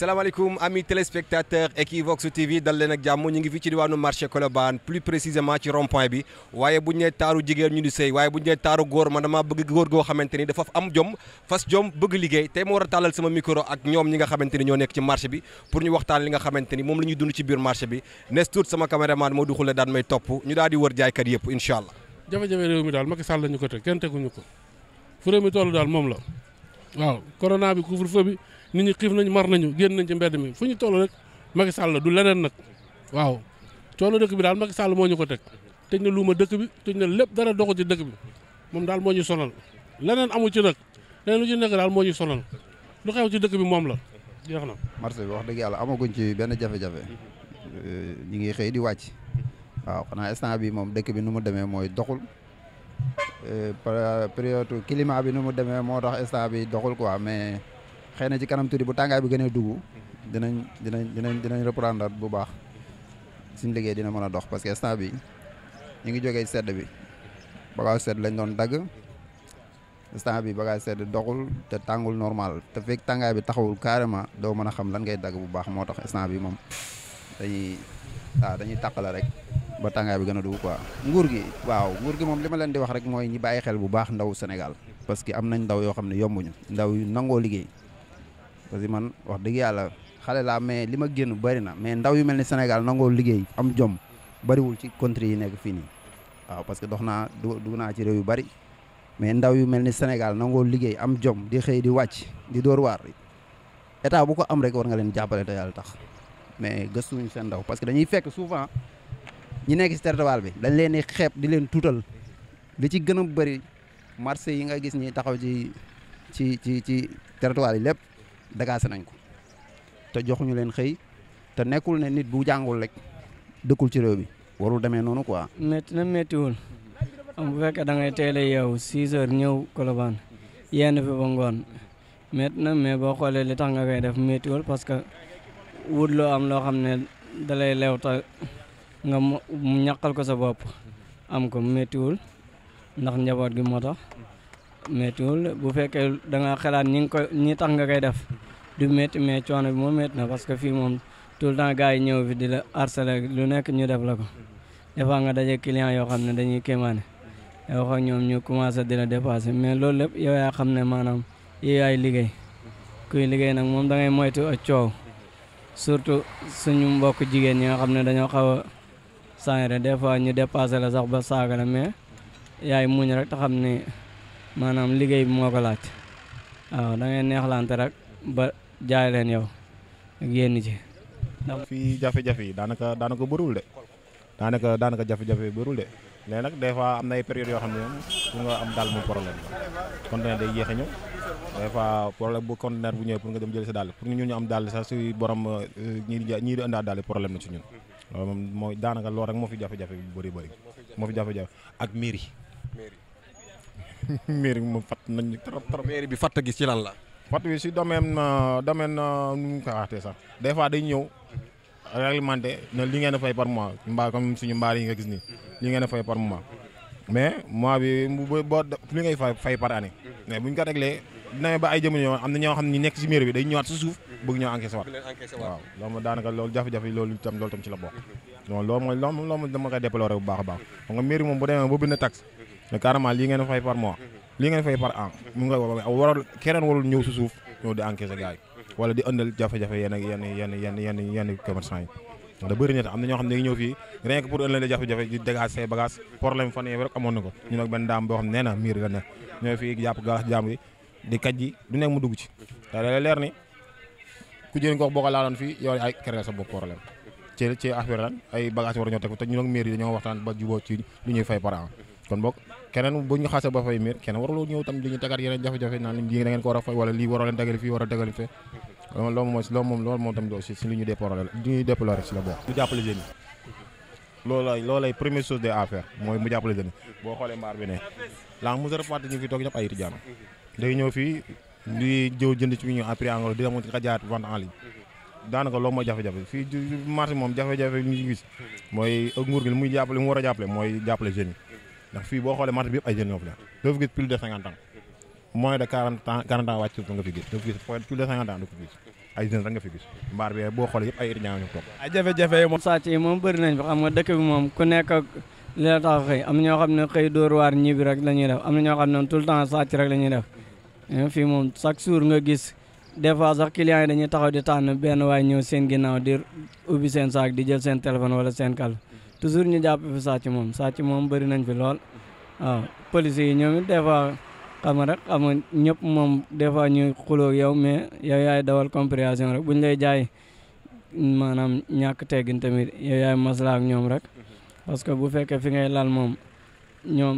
salaamaaleykum amis téléspectateurs Equivox TV dal leen ak jàmm ñu ngi fii ci diwaanu marché Colobane plus précisément ci rond bi waaye bu ñu taaru jigéen ñu di sëy waaye bu ñu taaru góor man dama bëgg góor goo xamante ni dafa am jom fas jom bëgg liggéey tey ma war a tàllal sama micro ak ñoom ñi nga xamante ñoo nekk ci marché bi pour ñu waxtaan li nga xamante ni moom la ñuy dund ci biir marché bi nes tuut sama caméraman moo duxule daan may topp moom la waaw corona nit ñi xiif nañu mar nañu génn nañ ci mbedd mi fu ñu toll rek Macky Sall du leneen nag waaw coono dëkk bi daal mag Sall moo ñu ko teg tëj na luuma dëkk bi tëj na lépp dara doxu ci dëkk bi moom daal moo ñu sonal leneen amu ci nag leneen lu ci nekk daal moo ñu sonal lu xew ci dëkk bi moom la jeex na. marché bi wax dëgg yàlla amaguñ ci benn jafe-jafe ñu ngi xëy di wàcc waaw xanaa instant bi moom dëkk bi nu mu demee mooy doxul euh, période climat bi nu mu demee moo tax instant bi doxul quoi mais. xëy na ci kanam tuuti bu tàngaay bi gën a dugg mhm. dinañ dinañ dinañ dinañ reprendre bu baax suñ liggéey dina mën a dox parce que instant bi ñu ngi jógee sedd bi bagage sedd lañ doon dagg instant bi bagage sedd doxul te tàngul normal te fekk tàngaay bi taxawul carrément doo mën a xam lan ngay dagg bu baax moo tax estant bi moom dañuy waaw dañuy la rek ba tàngaay bi gën a dugg quoi nguur gi waaw nguur gi moom li ma leen di wax rek mooy ñi bàyyi xel bu baax ndaw Sénégal parce que am nañ ndaw yoo xam ne yombuñu ndaw yu nangoo liggéey parce que man wax dëgg yàlla xale laa mais li ma génn bëri na mais ndaw yu mel ni Sénégal nangoo liggéey am jom bëriwul ci country yi nekk fii nii waaw parce que dox naa dugg naa ci yu bëri mais ndaw yu mel ni Sénégal nangoo liggéey am jom di xëy di wàcc di door waar état bu ko am rek war nga leen jàppale te yàlla tax mais gëstuñu seen ndaw parce que dañuy fekk souvent ñu nekk si territoire bi dañ leen di xeeb di leen tuutal li ci gën a bëri marché yi nga gis ñi taxaw ci ci ci ci territoire yi lépp dagaase nañ ko te joxuñu leen xëy te nekkul ne nit bu jàngul rek dëkkul ci réew bi warul demee noonu quoi. métti na méttiwul bu fekkee da ngay teel a yeewu 6 heures ñëw Colobane yenn fi ngoon métti na mais boo xoolee li tax nga koy def méttiwul parce que wut loo am loo xam ne dalay lay leew te nga mu ñaqal ko sa bopp am ko méttiwul ndax njaboot gi moo tax méttiwul bu fekkee da nga xalaat ñi ko ñi tax nga koy def. du métti mais coono bi moom métti na parce que fii moom tout le temps ñëw fi di la harceler lu nekk ñu def la ko des nga daje client yoo xam ne dañuy kéemaane wax ak ñoom ñu commencé di la dépasser mais loolu lépp yow yaa xam ne maanaam yow yaay liggéey kuy liggéey nag moom da ngay moytu ak coow surtout suñu mbokk jigéen ñi nga xam ne dañoo xaw a changé des fois ñu dépassé la sax ba saaga la mais yaay muñ rek te xam ne maanaam liggéey bi moo ko laaj rek jaay leen yow génn ci. fii jafe-jafe yi daanaka daanaka bëriwul de daanaka daanaka jafe-jafe yi bëriwul de léegi nag des fois am na ay période yoo xam ne moom pour nga am daal moom problème la conteneur day yéex a ñëw des fois bu conteneur bu ñëwee pour nga dem jël sa daal pour ñun ñu am daal sax suy borom ñii di ñii di ëndaat daal problème la ci ñun mooy daanaka lool rek moo fi jafe-jafe bu bëri bëri moo fi jafe-jafe ak mairie. mairie bi moom fàtt nañ trop trop. mairie bi fàtt gi ci lan la. pat wi si domaine euh, domaine euh, nu ñu koy waxtee sax des fois day ñëw réglementé na li ngeen a fay par mois mbaa comme suñu mbaar yi nga gis nii li ngeen a fay par mois mais mois bi bu boo li ngay na ñoo nekk si bi day ñëwaat si suuf loolu ma daanaka loolu jafe-jafe loolu tam la bokk non bu baax a baax xam nga miir moom bu demee lii ngeen a par mois li ngay fay par an mu nga waral keneen warul ñëw si suuf ñëw di encaisser gars yi wala di ëndal jafe-jafe yenn yenn yenn yenn yenn yenn commerçant yi da bëri na am na ñoo xam ne dañuy ñëw fii rien que pour ëndal jafe-jafe di dégage say bagage problème fan yii rek amoon na ko ñu nag benn jaam yi di kaj ji du nekk mu dugg ci te da leer ni ku jëriñ ko boo ko laaloon fii yow ay créé sa bopp problème ci ci affaire lan ay bagage war ñoo teg te ñu nag miir yi dañoo waxtaan ba jubóo ci lu ñuy fay par an keneen bu ñu xasee ba fay miir keneen waruloo ñëw tam di ñu tegaat yeneen jafe-jafe naan lii da ngeen ko war a fay wala lii waroo leen tegal fii war a tegal fee loolu moom loolu lay loolu lay première chose mooy mu jàppale jeunes boo xoolee mbaar bi ne la monsieur Fatick ñu fi fii di jëw jënd ci ñu après engrais di demoon ka jaat vente daanaka loolu mooy jafe-jafe fii marché moom jafe-jafe ñu gis mooy nguur gi li muy jàppale mu war a jàppale mooy jàppale jeunes yi ndax fii boo xoolee marché bi yëpp ay jeunes ñoo fi nekk gis plus de cinquante ans moins de quarante gis doo fi gis gis ay jeunes gis mbaar bi boo xoolee yëpp moom sàcc yi moom moom ku nekk li la am ñoo xëy dóor waar ñibbi rek la ñuy def am na ñoo xam ne tout le temps rek la ñuy def eh, fii moom chaque jour nga gis des fois sax clients yi dañuy taxaw di tànn benn waay ñëw seen ginnaaw di ubbi seen saak di jël seen téléphone wala seen kal toujours ñu jàpp fi sàcc moom sàcc moom bëri nañ fi lool waaw police yi ñoom des fois xam nga rek xam nga ñëpp moom des fois ñuy xuloo yow mais yow yaay dawal compréhension rek buñ lay jaay maanaam ñàkk teggin tamit yow yaay ak ñoom rek parce que bu fekkee fi ngay lal moom ñoom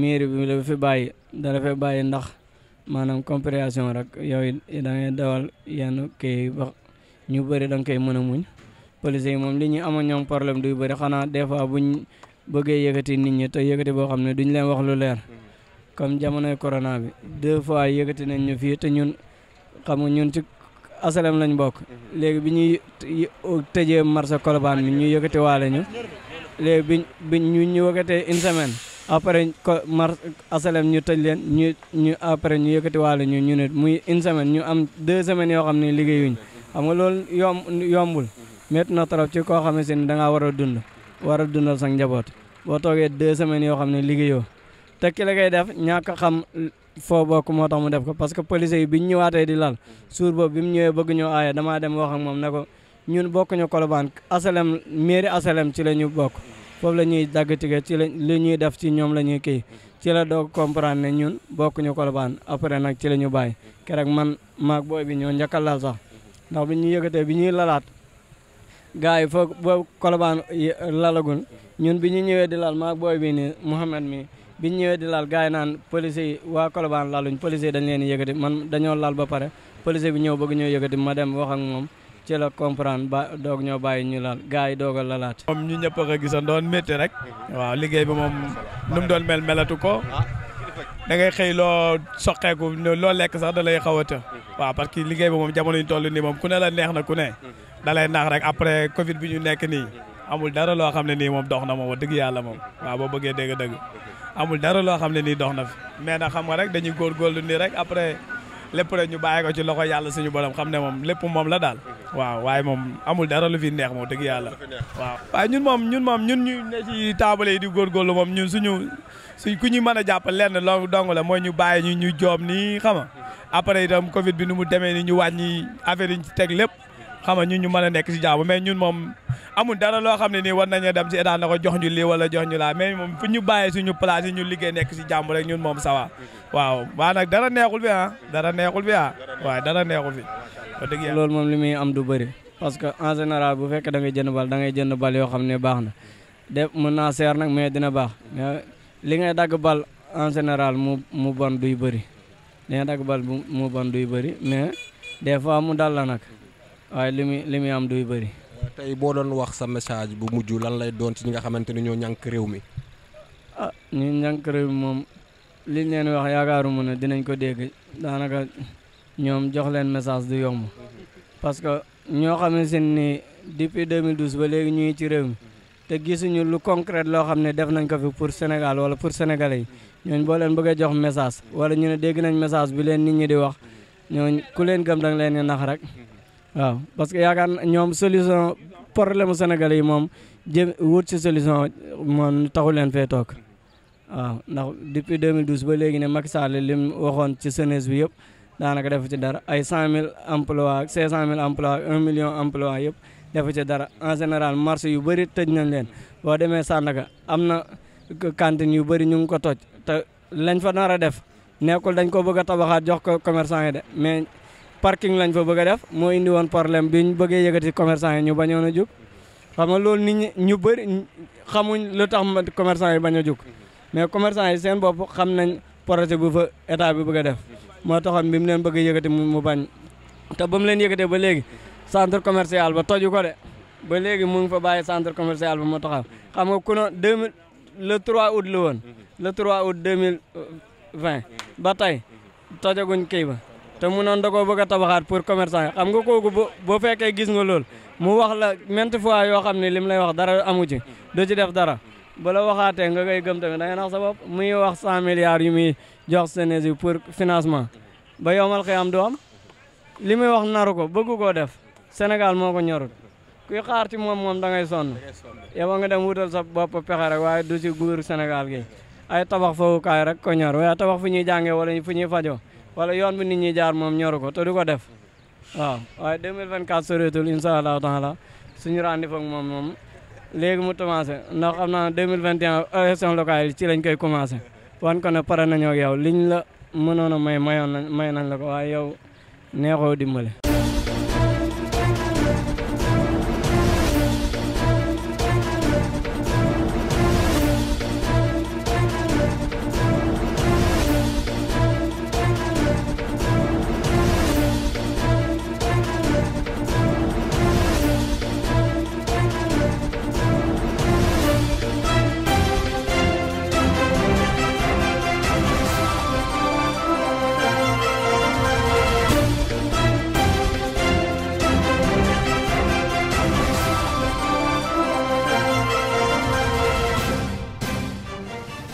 mairie bi fi bàyyi da fi bàyyi ndax maanaam compréhension rek yow da ngay dawal yenn kii ñu bëri da nga koy mën muñ police moom li ñu amoon ñoom problème du bëri xanaa des fois buñ bëggee yëkkati nit ñi te yëkkati boo xam ne duñ leen wax lu leer comme jamonoy corona bi deux fois yëkkati nañ ñu fii te ñun xam nga ñun ci asalem lañ bokk. léegi bi ñuy tëjee marché Colobane bi ñu yëkkati waale ñu léegi biñ biñ ñu ñu yëkkatee une semaine après ko mar asalem ñu tëj leen ñu ñu après ñu yëkkati waale ñu ñu ne muy une semaine ñu am deux semaines yoo xam ne liggéeyuñ xam nga loolu yomb yombul. métti na trop ci koo xamante ni ne ngaa war a dund war a dundal sa njaboot boo toogee deux semaine yoo xam ne liggéeyoo te ki la koy def ñàkk xam foo bokk moo tax mu def ko parce que policiers yi bi ñu ñëwaatee di lal suur boobu bi mu ñëwee bëgg ñoo aaye damaa dem wax ak moom ne ko ñun bokk ñu Colobane asalem mairie asalem ci la ñu bokk foofu la ñuy dagg tige ci la li ñuy def ci ñoom la ñuy kii ci la doog comprendre ne ñun bokk ñu Colobane après nag ci la ñu bàyyi keroog man maag booy bi ñoo njëkk a gars yi foo boobu kolobaan lalagun ñun bi ñu ñëwee di laal maa booy bii nii mi bi ñu ñëwee di laal gars yi naan police yi waa kolobaan laluñ police yi dañ leen yëkkati man dañoo laal ba pare police bi ñëw bëgg ñoo yëkkati ma dem wax ak moom ci la comprendre doog ñoo bàyyi ñu laal gars yi doog a lalaat moom ñu ñëpp a gisoon doon métti rek waaw liggéey bi moom nu doon mel melatu ko da ngay xëy loo soqeeku loo lekk sax da lay xaw a të waaw parce que liggéey bi moom jamono ñu toll moom ku da lay nax rek après Covid bi ñu nekk nii amul dara loo xam ne nii moom dox na moom wax dëgg yàlla moom waaw boo bëggee dégg-dëgg amul dara loo xam ne nii dox na fi mais nag xam nga rek dañuy góorgóorlu nii rek après lépp ñu bàyyi ko ci loxo yàlla suñu borom xam ne moom lépp moom la daal waaw waaye moom amul dara lu fi neex moom dëgg yàlla waaw waaye ñun moom ñun moom ñun ñu ne ci taabale yi di góorgóorlu moom ñun suñu suñ ku ñu mën a leen na loo dong la mooy ñu bàyyi ñu ñu joob nii xam nga après itam covid bi nu mu demee ni ñu wàññi affaire yi ci teg lépp xam nga ñun ñu man a nekk si jaamu mais ñun moom amul dara loo xam ne nii war nañu dem si état na ko jox ñu lii wala jox ñu laa mais moom fu ñu bàyyi suñu place yi ñu liggéey nekk si jàmm rek ñun moom sawa waaw waa nag dara neexul fi ah dara neexul fi ah waaw dara neexul fi wax loolu moom li muy am du bëri parce que en général bu fekkee da ngay jënd bal da ngay jënd bal yoo xam ne baax na de mën naa seer nag mais dina baax mais li ngay dagg bal en général mu mu bon duy bëri li ngay dagg bal mu bon duy bëri mais des fois mu dal la nag waaye li muy li muy am duy bëri. tey boo doon wax sa message bu mujj lan lay doon ci ñi nga xamante ni ñoo ñànk réew mi. ah ñu ñànk réew mi moom liñ leen wax yaakaaru yaakaaruma ne dinañ ko dégg daanaka ñoom jox leen message du yomb parce que ñoo xamante ni depuis 2012 ba léegi ñu ngi ci réew mi te gisuñu lu concret loo xam ne def nañ ko fi pour Sénégal wala pour sénégalais yi ñooñu boo leen bëggee jox message wala ñu ne dégg nañ message bi leen nit ñi di wax ñooñu ku leen gëm danga leen nax rek. waaw parce que yaakaar ñoom solution problème Sénégal yi moom jëm wut si solution moom taxu leen fee toog waaw ndax depuis 2012 ba léegi ne Macky Sall li mu waxoon ci bi yëpp daanaka def ci dara ay 100000 emplois ak 500000 emplois ak 1 million emplois yëpp defu ci dara en général marché yu bëri tëj nañ leen boo demee Sandaga am na cantine yu bëri ñu ngi ko toj te lañ fa nar def nekkul dañ ko bëgg a tabaxaat jox ko yi de parking lañ fa bëgg a def moo indi woon problème bi ñu bëggee yëkkati commerçant yi ñu bañoon a jug xam nga loolu nit ñi ñu bëri xamuñ lu tax commerçant yi bañ a jug mais commerçant yi seen bopp xam nañ projet bu fa état bi bëgg a def moo taxoon bi mu leen bëgg a yëkkati mu bañ te ba mu leen yëkkatee ba léegi centre commercial ba toju ko de ba léegi mu ngi fa bàyyi centre commerciale ba mu taxaw xam nga ku no deux mille le 3 août la woon le 3 août vingt ba tey tojaguñ kii ba te mu noon da koo bëgg a tabaxaat pour commerçant yi xam nga kooku boo boo fekkee gis nga lool mu wax la maintes fois yoo xam ne lim lay wax dara amu ci du ci def dara ba la waxaatee nga koy gëm tamit da nga nax sa bopp muy wax cent milliards yu muy jox Sénégal yi pour financement ba yomal xëyam du am li muy wax naru ko bëggu koo def Sénégal moo ko ñorut kuy xaar ci moom moom da ngay sonn yow nga dem wutal sa bopp pexe rek waaye du ci guur Sénégal gi ay tabax foofu kaay rek ko ñor waaye tabax fu ñuy jàngee wala fu ñuy fajoo wala yoon bi nit ñi jaar moom ñoru ko te du ko def waaw waaye 2024 soreetul incha allahu taala suñu rendez-vous moom moom léegi mu commencé ndax xam naa 2021 euh, élection locale yi ci lañ koy commencé wan ko pare nañoo ak yow liñ la mënoon a may mayoon nañ may nañ la ko waaye yow neexoo dimbale.